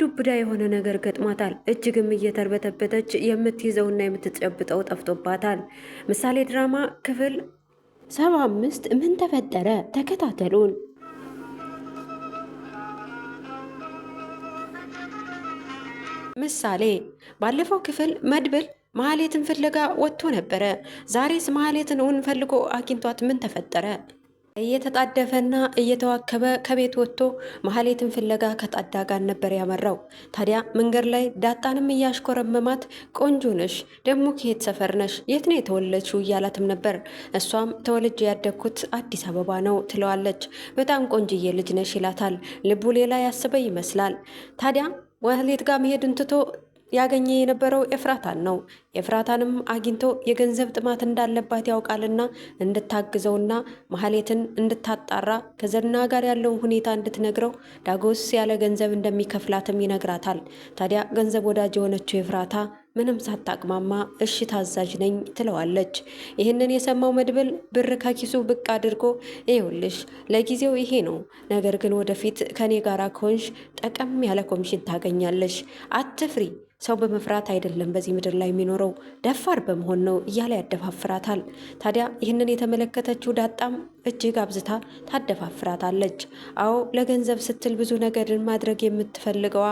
ዱብዳ የሆነ ነገር ገጥሟታል። እጅግም እየተርበተበተች የምትይዘውና የምትጨብጠው ጠፍቶባታል። ምሳሌ ድራማ ክፍል ሰባ አምስት ምን ተፈጠረ? ተከታተሉን። ምሳሌ ባለፈው ክፍል መድብል መሀሌትን ፍለጋ ወጥቶ ነበረ። ዛሬስ መሀሌትን እውን ፈልጎ አግኝቷት ምን ተፈጠረ? እየተጣደፈና እየተዋከበ ከቤት ወጥቶ መሀሌትን ፍለጋ ከጣዳ ጋር ነበር ያመራው። ታዲያ መንገድ ላይ ዳጣንም እያሽኮረመማት ቆንጆ ነሽ፣ ደግሞ ከየት ሰፈር ነሽ? የት ነው የተወለድሽው? እያላትም ነበር። እሷም ተወልጄ ያደግኩት አዲስ አበባ ነው ትለዋለች። በጣም ቆንጅዬ ልጅ ነሽ ይላታል። ልቡ ሌላ ያስበ ይመስላል። ታዲያ መሀሌት ጋር መሄዱን ትቶ ያገኘ የነበረው ኤፍራታን ነው። ኤፍራታንም አግኝቶ የገንዘብ ጥማት እንዳለባት ያውቃልና እንድታግዘውና ማህሌትን እንድታጣራ ከዘና ጋር ያለውን ሁኔታ እንድትነግረው ዳጎስ ያለ ገንዘብ እንደሚከፍላትም ይነግራታል። ታዲያ ገንዘብ ወዳጅ የሆነችው ኤፍራታ ምንም ሳታቅማማ እሺ ታዛዥ ነኝ ትለዋለች። ይህንን የሰማው መድብል ብር ከኪሱ ብቅ አድርጎ ይኸውልሽ ለጊዜው ይሄ ነው፣ ነገር ግን ወደፊት ከኔ ጋር ከሆንሽ ጠቀም ያለ ኮሚሽን ታገኛለሽ፣ አትፍሪ ሰው በመፍራት አይደለም በዚህ ምድር ላይ የሚኖረው ደፋር በመሆን ነው እያለ ያደፋፍራታል። ታዲያ ይህንን የተመለከተችው ዳጣም እጅግ አብዝታ ታደፋፍራታለች። አዎ ለገንዘብ ስትል ብዙ ነገርን ማድረግ የምትፈልገዋ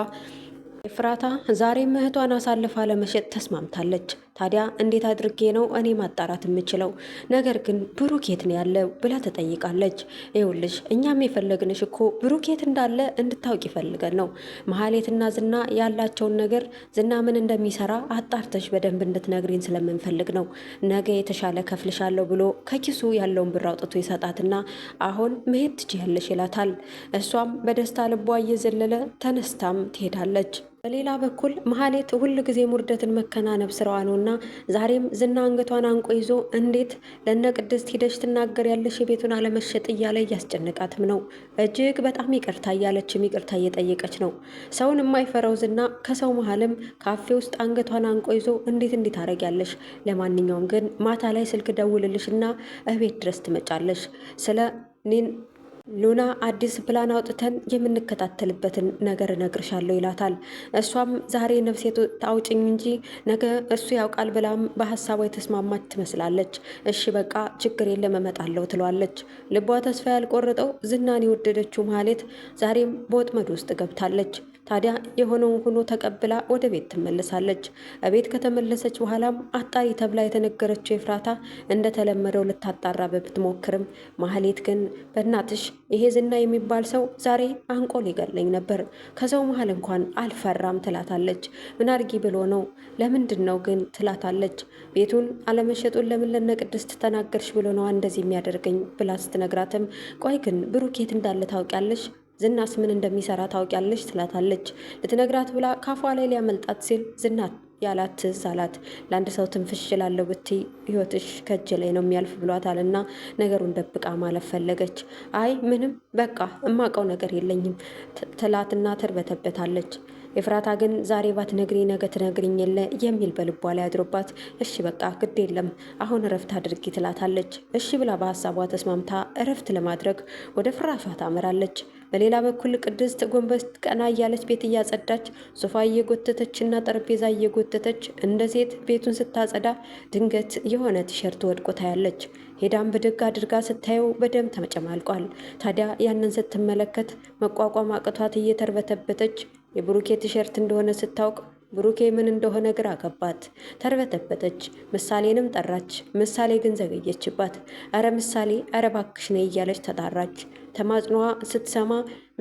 ኤፍራታ ዛሬም እህቷን አሳልፋ ለመሸጥ ተስማምታለች። ታዲያ እንዴት አድርጌ ነው እኔ ማጣራት የምችለው? ነገር ግን ብሩኬት ነው ያለ ብላ ትጠይቃለች። ይኸውልሽ እኛም የፈለግንሽ እኮ ብሩኬት እንዳለ እንድታውቅ ይፈልገን ነው። መሀሌትና ዝና ያላቸውን ነገር ዝና ምን እንደሚሰራ አጣርተሽ በደንብ እንድትነግሪን ስለምንፈልግ ነው። ነገ የተሻለ ከፍልሻለሁ ብሎ ከኪሱ ያለውን ብር አውጥቶ ይሰጣትና አሁን መሄድ ትችያለሽ ይላታል። እሷም በደስታ ልቧ እየዘለለ ተነስታም ትሄዳለች። በሌላ በኩል መሀሌት ሁል ጊዜ ውርደትን መከናነብ ስራዋ ነውና ዛሬም ዝና አንገቷን አንቆ ይዞ እንዴት ለነ ቅድስት ሂደሽ ትናገር ያለሽ የቤቱን አለመሸጥ እያለ እያስጨነቃትም ነው። እጅግ በጣም ይቅርታ እያለችም ይቅርታ እየጠየቀች ነው። ሰውን የማይፈራው ዝና ከሰው መሀልም ካፌ ውስጥ አንገቷን አንቆ ይዞ እንዴት አረግ ያለሽ፣ ለማንኛውም ግን ማታ ላይ ስልክ ደውልልሽ እና እቤት ድረስ ትመጫለሽ ስለ እኔን ሉና አዲስ ፕላን አውጥተን የምንከታተልበትን ነገር እነግርሻለሁ ይላታል። እሷም ዛሬ ነፍሴ ታውጭኝ እንጂ ነገ እሱ ያውቃል ብላም በሀሳቧ የተስማማች ትመስላለች። እሺ በቃ ችግር የለም እመጣለሁ ትሏለች። ልቧ ተስፋ ያልቆረጠው ዝናን የወደደችው ማህሌት ዛሬም በወጥመድ ውስጥ ገብታለች። ታዲያ የሆነውን ሆኖ ተቀብላ ወደ ቤት ትመለሳለች። ቤት ከተመለሰች በኋላም አጣሪ ተብላ የተነገረችው የፍራታ እንደተለመደው ልታጣራ በብትሞክርም ማህሌት ግን በእናትሽ ይሄ ዝና የሚባል ሰው ዛሬ አንቆ ሊገለኝ ነበር፣ ከሰው መሀል እንኳን አልፈራም ትላታለች። ምን አድርጊ ብሎ ነው ለምንድን ነው ግን ትላታለች። ቤቱን አለመሸጡን ለምን ለነ ተናገርሽ ብሎ ነዋ እንደዚህ የሚያደርገኝ ብላ ስትነግራትም ቆይ ግን ብሩኬት እንዳለ ታውቂያለሽ ዝናስ ምን እንደሚሰራ ታውቂያለሽ? ትላታለች። ልትነግራት ብላ ካፏ ላይ ሊያመልጣት ሲል ዝና ያላት ትዝ አላት። ለአንድ ሰው ትንፍሽ እላለሁ ብትይ ህይወትሽ ከእጅ ላይ ነው የሚያልፍ ብሏታል እና ነገሩን ደብቃ ማለፍ ፈለገች። አይ ምንም በቃ እማቀው ነገር የለኝም ትላትና ትርበተበታለች። ኤፍራታ ግን ዛሬ ባትነግሪ ነገ ትነግሪኝ የለ የሚል በልቧ ላይ አድሮባት እሺ በቃ ግድ የለም አሁን እረፍት አድርጊ ትላታለች። እሺ ብላ በሀሳቧ ተስማምታ እረፍት ለማድረግ ወደ ፍራፋ ታመራለች። በሌላ በኩል ቅድስት ጎንበስ ቀና እያለች ቤት እያጸዳች ሶፋ እየጎተተች እና ጠረጴዛ እየጎተተች እንደ ሴት ቤቱን ስታጸዳ ድንገት የሆነ ቲሸርት ወድቆ ታያለች። ሄዳም ብድግ አድርጋ ስታየው በደም ተመጨማልቋል። ታዲያ ያንን ስትመለከት መቋቋም አቅቷት እየተርበተበተች የብሩኬ ቲሸርት እንደሆነ ስታውቅ ብሩኬ ምን እንደሆነ ግራ ገባት። ተርበተበተች። ምሳሌንም ጠራች። ምሳሌ ግን ዘገየችባት። አረ ምሳሌ፣ አረ ባክሽ ነይ እያለች ተጣራች። ተማጽኗዋ ስትሰማ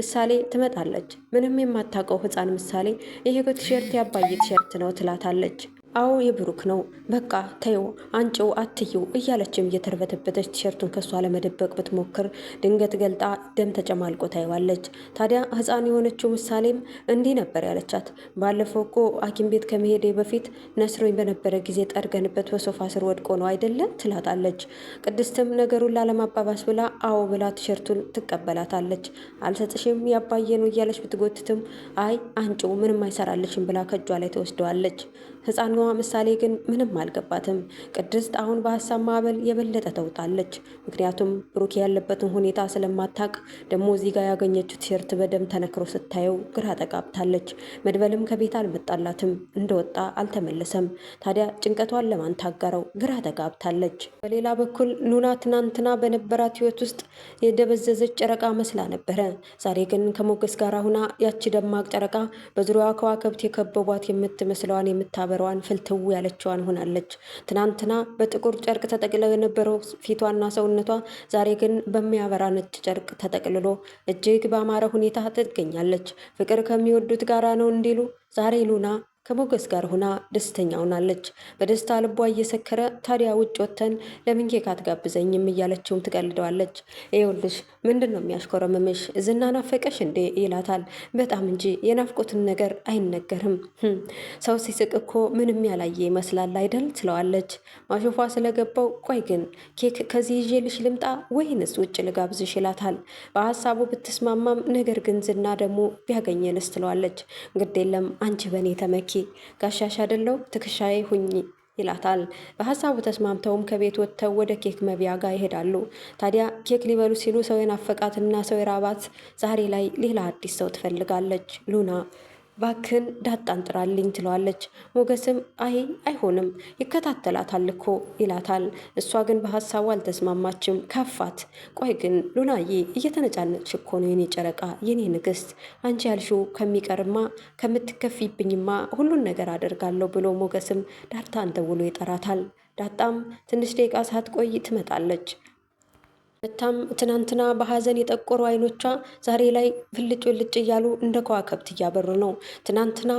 ምሳሌ ትመጣለች። ምንም የማታውቀው ህፃን ምሳሌ ይሄ ቲሸርት ያባዬ ቲሸርት ነው ትላታለች። አዎ የብሩክ ነው። በቃ ተይው አንጭው አትዩ እያለችም እየተርበተበተች ቲሸርቱን ከሷ ለመደበቅ ብትሞክር ድንገት ገልጣ ደም ተጨማልቆ ታይዋለች። ታዲያ ሕፃን የሆነችው ምሳሌም እንዲህ ነበር ያለቻት። ባለፈው እኮ ሐኪም ቤት ከመሄዴ በፊት ነስሮኝ በነበረ ጊዜ ጠርገንበት በሶፋ ስር ወድቆ ነው አይደለም ትላታለች። ቅድስትም ነገሩን ላለማባባስ ብላ አዎ ብላ ቲሸርቱን ትቀበላታለች። አልሰጥሽም ያባየ ነው እያለች ብትጎትትም አይ አንጭው ምንም አይሰራለችም ብላ ከእጇ ላይ ተወስደዋለች። ህፃኗ ምሳሌ ግን ምንም አልገባትም። ቅድስት አሁን በሀሳብ ማዕበል የበለጠ ተውጣለች። ምክንያቱም ብሩኬ ያለበትን ሁኔታ ስለማታቅ ደግሞ እዚህ ጋር ያገኘችው ቲሸርት በደም ተነክሮ ስታየው ግራ ተጋብታለች። መድበልም ከቤት አልመጣላትም፣ እንደወጣ አልተመለሰም። ታዲያ ጭንቀቷን ለማን ታጋረው? ግራ ተጋብታለች። በሌላ በኩል ሉና ትናንትና በነበራት ህይወት ውስጥ የደበዘዘች ጨረቃ መስላ ነበረ። ዛሬ ግን ከሞገስ ጋር ሁና ያቺ ደማቅ ጨረቃ በዙሪያዋ ከዋክብት የከበቧት የምትመስለዋን የምታበ የነበረዋን ፍልትው ያለችዋን ሆናለች። ትናንትና በጥቁር ጨርቅ ተጠቅለው የነበረው ፊቷና ሰውነቷ ዛሬ ግን በሚያበራ ነጭ ጨርቅ ተጠቅልሎ እጅግ በአማረ ሁኔታ ትገኛለች። ፍቅር ከሚወዱት ጋራ ነው እንዲሉ ዛሬ ሉና ከሞገስ ጋር ሆና ደስተኛ ሆናለች። በደስታ ልቧ እየሰከረ ታዲያ ውጭ ወጥተን ለምን ኬክ አትጋብዘኝም እያለችውም ትቀልደዋለች። ይኸውልሽ ምንድን ነው የሚያሽኮረምምሽ ዝና ናፈቀሽ እንዴ ይላታል። በጣም እንጂ የናፍቆትን ነገር አይነገርም። hm። ሰው ሲስቅ እኮ ምንም ያላየ ይመስላል አይደል ትለዋለች። ማሾፏ ስለገባው ቆይ ግን ኬክ ከዚህ ይዤልሽ ልምጣ ወይንስ ውጭ ልጋብዝሽ ይላታል። በሀሳቡ ብትስማማም ነገር ግን ዝና ደግሞ ቢያገኘንስ ትለዋለች። ግድ የለም አንቺ በእኔ ተመኪ ጋሻሽ አደለው ትከሻዬ ሁኚ ይላታል። በሀሳቡ ተስማምተውም ከቤት ወጥተው ወደ ኬክ መብያ ጋር ይሄዳሉ። ታዲያ ኬክ ሊበሉ ሲሉ ሰው የናፈቃትና ሰው የራባት ዛሬ ላይ ሌላ አዲስ ሰው ትፈልጋለች ሉና ባክን ዳጣን ጥራልኝ ትለዋለች። ሞገስም አይ አይሆንም ይከታተላታል እኮ ይላታል። እሷ ግን በሀሳቡ አልተስማማችም፣ ከፋት። ቆይ ግን ሉናዬ እየተነጫነች እኮ ነው የኔ ጨረቃ፣ የኔ ንግስት። አንቺ ያልሺው ከሚቀርማ ከምትከፊብኝማ ሁሉን ነገር አደርጋለሁ ብሎ ሞገስም ዳርታ ደውሎ ይጠራታል። ዳጣም ትንሽ ደቂቃ ሳትቆይ ትመጣለች። በታም ትናንትና በሀዘን የጠቆሩ አይኖቿ ዛሬ ላይ ፍልጭ ውልጭ እያሉ እንደ ከዋከብት እያበሩ ነው። ትናንትና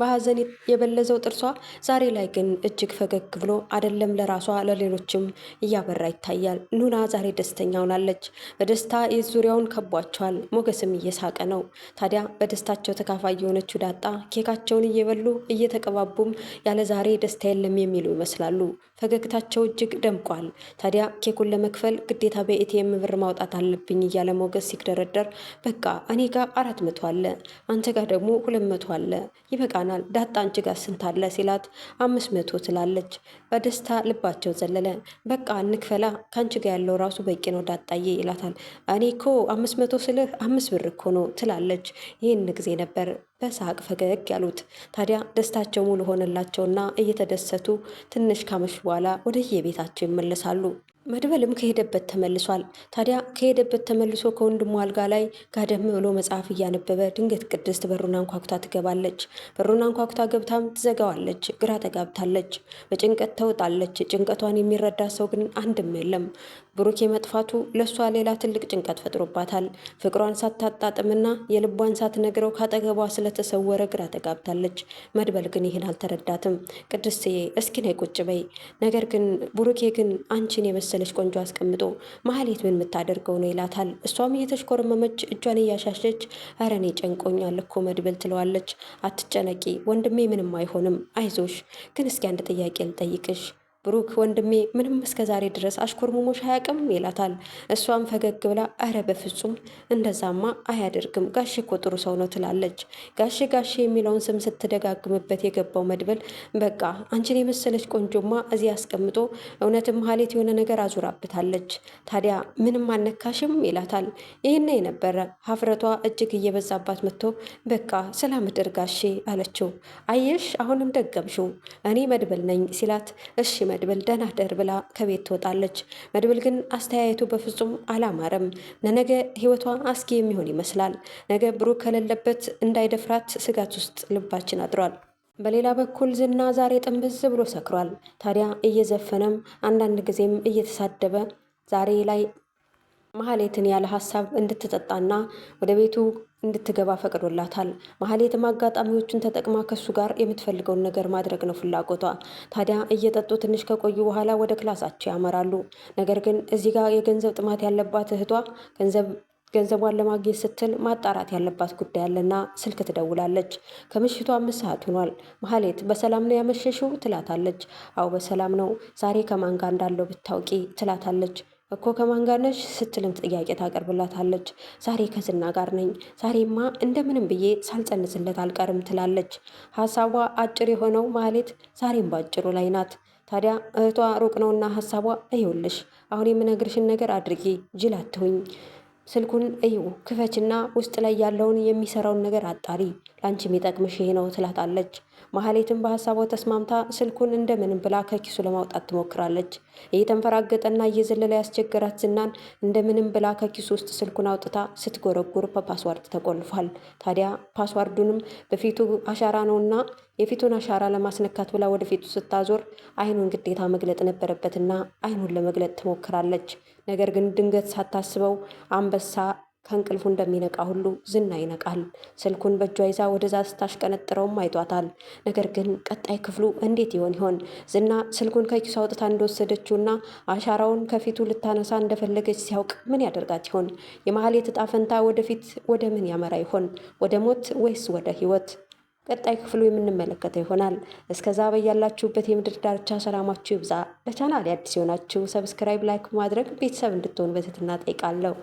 በሀዘን የበለዘው ጥርሷ ዛሬ ላይ ግን እጅግ ፈገግ ብሎ አደለም ለራሷ ለሌሎችም እያበራ ይታያል። ኑና ዛሬ ደስተኛ ሆናለች። በደስታ ዙሪያውን ከቧቸዋል። ሞገስም እየሳቀ ነው። ታዲያ በደስታቸው ተካፋይ የሆነችው ዳጣ ኬካቸውን እየበሉ እየተቀባቡም ያለ ዛሬ ደስታ የለም የሚሉ ይመስላሉ። ፈገግታቸው እጅግ ደምቋል። ታዲያ ኬኩን ለመክፈል ግዴታ በኤቲኤም ብር ማውጣት አለብኝ እያለ ሞገስ ሲደረደር፣ በቃ እኔ ጋር አራት መቶ አለ አንተ ጋር ደግሞ ሁለት መቶ አለ ይበቃናል ዳጣ አንቺ ጋር ስንታለ ሲላት አምስት መቶ ትላለች። በደስታ ልባቸው ዘለለ። በቃ እንክፈላ ከአንቺ ጋር ያለው ራሱ በቂ ነው ዳጣዬ ይላታል። እኔ እኮ አምስት መቶ ስልህ አምስት ብር እኮ ነው ትላለች። ይህን ጊዜ ነበር በሳቅ ፈገግ ያሉት። ታዲያ ደስታቸው ሙሉ ሆነላቸውና እየተደሰቱ ትንሽ ካመሽ በኋላ ወደየቤታቸው ይመለሳሉ። መድበልም ከሄደበት ተመልሷል። ታዲያ ከሄደበት ተመልሶ ከወንድሙ አልጋ ላይ ጋደም ብሎ መጽሐፍ እያነበበ ድንገት ቅድስት በሩን አንኳኩታ ትገባለች። በሩን አንኳኩታ ገብታም ትዘጋዋለች። ግራ ተጋብታለች፣ በጭንቀት ተውጣለች። ጭንቀቷን የሚረዳ ሰው ግን አንድም የለም። ብሩኬ መጥፋቱ ለእሷ ሌላ ትልቅ ጭንቀት ፈጥሮባታል። ፍቅሯን ሳታጣጥምና የልቧን ሳትነግረው ካጠገቧ ስለተሰወረ ግራ ተጋብታለች። መድበል ግን ይህን አልተረዳትም። ቅድስትዬ እስኪ ነይ ቁጭ በይ። ነገር ግን ብሩኬ ግን አንቺን የመሰለች ቆንጆ አስቀምጦ መሀሌት ምን የምታደርገው ነው ይላታል። እሷም እየተሽኮረመመች እጇን እያሻሸች ኧረ እኔ ጨንቆኛል እኮ መድበል ትለዋለች። አትጨነቂ ወንድሜ፣ ምንም አይሆንም አይዞሽ። ግን እስኪ አንድ ጥያቄ ልጠይቅሽ ብሩክ ወንድሜ ምንም እስከ ዛሬ ድረስ አሽኮርሙሞሽ አያውቅም ይላታል። እሷም ፈገግ ብላ እረ በፍጹም እንደዛማ አያደርግም ጋሼ እኮ ጥሩ ሰው ነው ትላለች። ጋሼ ጋሼ የሚለውን ስም ስትደጋግምበት የገባው መድብል በቃ አንቺን የመሰለች ቆንጆማ እዚህ አስቀምጦ እውነትም ሀሌት የሆነ ነገር አዙራብታለች። ታዲያ ምንም አነካሽም ይላታል። ይህን የነበረ ሀፍረቷ እጅግ እየበዛባት መጥቶ በቃ ስላምድር ጋሼ አለችው። አየሽ አሁንም ደገምሽው እኔ መድብል ነኝ ሲላት እሺ መድብል ደህና ደር ብላ ከቤት ትወጣለች። መድብል ግን አስተያየቱ በፍጹም አላማረም። ለነገ ህይወቷ አስጊ የሚሆን ይመስላል። ነገ ብሩክ ከሌለበት እንዳይደፍራት ስጋት ውስጥ ልባችን አድሯል። በሌላ በኩል ዝና ዛሬ ጥንብዝ ብሎ ሰክሯል። ታዲያ እየዘፈነም አንዳንድ ጊዜም እየተሳደበ ዛሬ ላይ መሀሌትን ያለ ሀሳብ እንድትጠጣና ወደ ቤቱ እንድትገባ ፈቅዶላታል። መሀሌትም አጋጣሚዎቹን ተጠቅማ ከሱ ጋር የምትፈልገውን ነገር ማድረግ ነው ፍላጎቷ። ታዲያ እየጠጡ ትንሽ ከቆዩ በኋላ ወደ ክላሳቸው ያመራሉ። ነገር ግን እዚህ ጋር የገንዘብ ጥማት ያለባት እህቷ ገንዘብ ገንዘቧን ለማግኘት ስትል ማጣራት ያለባት ጉዳይ አለና ስልክ ትደውላለች። ከምሽቱ አምስት ሰዓት ሆኗል። መሀሌት በሰላም ነው ያመሸሽው ትላታለች። አዎ በሰላም ነው። ዛሬ ከማን ጋር እንዳለው ብታውቂ ትላታለች። እኮ ከማን ጋር ነሽ ስትልም ጥያቄ ታቀርብላታለች። ዛሬ ከዝና ጋር ነኝ፣ ዛሬማ እንደምንም ብዬ ሳልጸንስለት አልቀርም ትላለች። ሀሳቧ አጭር የሆነው ማለት ዛሬም በአጭሩ ላይ ናት። ታዲያ እህቷ ሩቅ ነውና ሀሳቧ እየውልሽ አሁን የምነግርሽን ነገር አድርጊ፣ ጅል አትሁኝ። ስልኩን እዩ ክፈችና ውስጥ ላይ ያለውን የሚሰራውን ነገር አጣሪ፣ ለአንቺ የሚጠቅምሽ ይሄ ነው ትላታለች። ማህሌትን በሀሳቧ ተስማምታ ስልኩን እንደምንም ብላ ከኪሱ ለማውጣት ትሞክራለች። እየተንፈራገጠና እየዘለለ ያስቸገራት ዝናን እንደምንም ብላ ከኪሱ ውስጥ ስልኩን አውጥታ ስትጎረጉር በፓስዋርድ ተቆልፏል። ታዲያ ፓስዋርዱንም በፊቱ አሻራ ነውና የፊቱን አሻራ ለማስነካት ብላ ወደፊቱ ስታዞር አይኑን ግዴታ መግለጥ ነበረበትና አይኑን ለመግለጥ ትሞክራለች። ነገር ግን ድንገት ሳታስበው አንበሳ ከእንቅልፉ እንደሚነቃ ሁሉ ዝና ይነቃል። ስልኩን በእጇ ይዛ ወደዛ ስታሽቀነጥረውም አይቷታል። ነገር ግን ቀጣይ ክፍሉ እንዴት ይሆን ይሆን? ዝና ስልኩን ከኪሱ አውጥታ እንደወሰደችውና አሻራውን ከፊቱ ልታነሳ እንደፈለገች ሲያውቅ ምን ያደርጋት ይሆን? የመሀል ዕጣ ፈንታ ወደፊት ወደ ምን ያመራ ይሆን? ወደ ሞት ወይስ ወደ ህይወት? ቀጣይ ክፍሉ የምንመለከተው ይሆናል። እስከዛ በያላችሁበት የምድር ዳርቻ ሰላማችሁ ይብዛ። ለቻናል አዲስ የሆናችሁ ሰብስክራይብ፣ ላይክ ማድረግ ቤተሰብ እንድትሆን በትህትና ጠይቃለሁ።